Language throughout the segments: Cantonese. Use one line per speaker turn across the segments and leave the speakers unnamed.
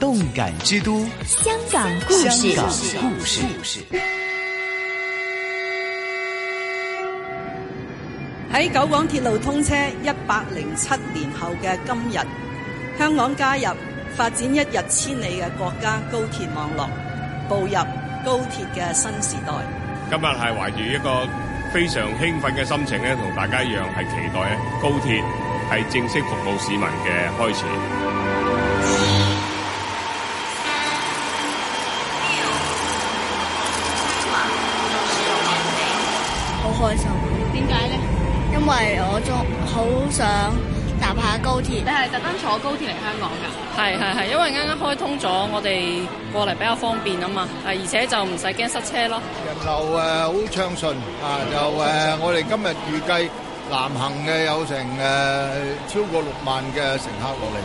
動感之都，
香港故事。
故事故事。
喺事九廣鐵路通車一百零七年後嘅今日，香港加入發展一日千里嘅國家高鐵網絡，步入高鐵嘅新時代。
今日係懷住一個非常興奮嘅心情咧，同大家一樣係期待高鐵係正式服務市民嘅開始。
好開心，點解咧？因為我中好想搭下高鐵。你係特登坐
高鐵嚟香港噶？係係係，因為啱啱開通咗，我哋過嚟比較方便啊嘛。啊，而且就唔使驚塞車咯。人
流誒好暢順啊，就誒我哋
今日預計南行嘅有成誒超過六萬嘅乘客落嚟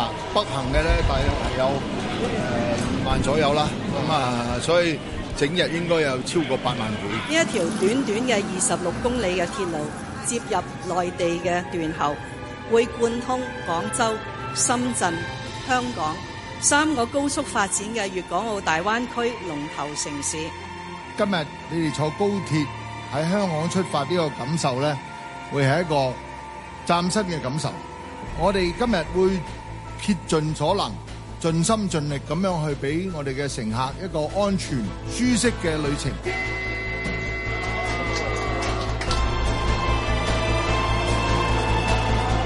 啊，北行嘅咧大約係有誒五萬左右啦。咁啊，所以。整日應該有超過八萬會。呢
一條短短嘅二十六公里嘅鐵路接入內地嘅段後會貫通廣州、深圳、香港三個高速發展嘅粵港澳大灣區
龍頭城市。今日你哋坐高鐵喺香港出發呢個感受咧，會係一個嶄新嘅感受。我哋今日會竭盡所能。盡心盡力咁樣去俾我哋嘅乘客一個安全、舒適嘅旅程。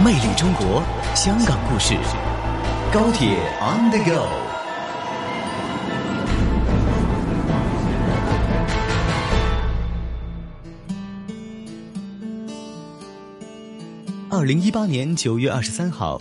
魅力中國，香港故事，高鐵 On the Go。二零一八年九月二十三號。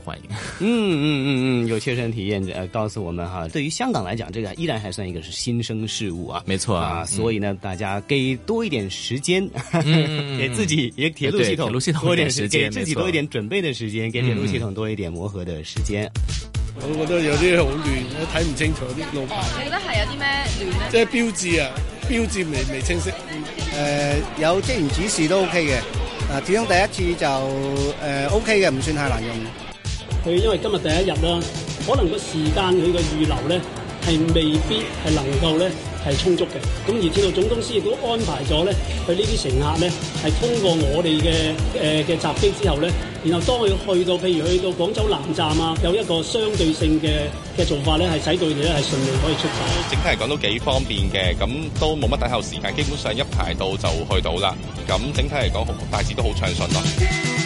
歡迎，嗯嗯嗯嗯，有切身體驗呃，告訴我們哈、啊，對於香港來講，這個依然還算一個是新生事物啊，沒錯啊，啊嗯、所以呢，大家給多一點時間，嗯、給自己也鐵路系統，鐵路系統多一點時間，時間給自己沒錯多一點準備的時間，給鐵路系統多一點磨合的時間。
嗯、我覺得有啲好亂，我睇唔清楚啲路牌。你
覺得係有啲咩亂
咧？即係標誌啊，標誌未未清晰。呃有職員指示都 OK 嘅。啊、呃，始終第一次就呃 OK 嘅，唔算太難用。
佢因為今日第一日啦，可能個時間佢個預留咧係未必係能夠咧係充足嘅。咁而鐵路總公司亦都安排咗咧，佢呢啲乘客咧係通過我哋嘅誒嘅閘機之後咧，然後當佢去到，譬如去到廣州南站啊，有一個相對性嘅嘅做法咧，係使到佢哋咧係順利可以出站。
整體嚟講都幾方便嘅，咁都冇乜等候時間，基本上一排到就去到啦。咁整體嚟講，大致都好
暢順咯。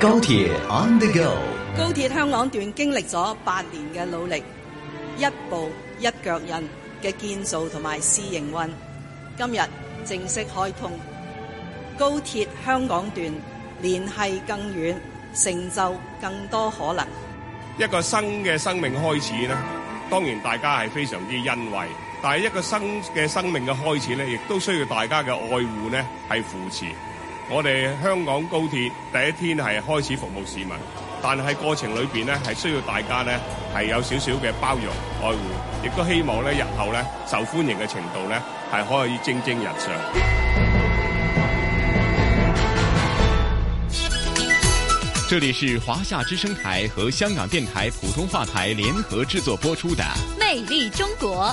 高鐵 On the Go，
高鐵香港段經歷咗八年嘅努力，一步一腳印嘅建造同埋試營運，今日正式開通。高鐵香港段聯繫更遠，成就更多可能。
一個新嘅生命開始呢，當然大家係非常之欣慰，但係一個新嘅生命嘅開始呢，亦都需要大家嘅愛護呢，係扶持。我哋香港高鐵第一天係開始服務市民，但係過程裏邊呢係需要大家呢係有少少嘅包容愛護，亦都希望呢日後呢受歡迎嘅程度呢係可以蒸蒸日上。
這裏是華夏之聲台和香港電台普通話台聯合製作播出的
《魅力中國》。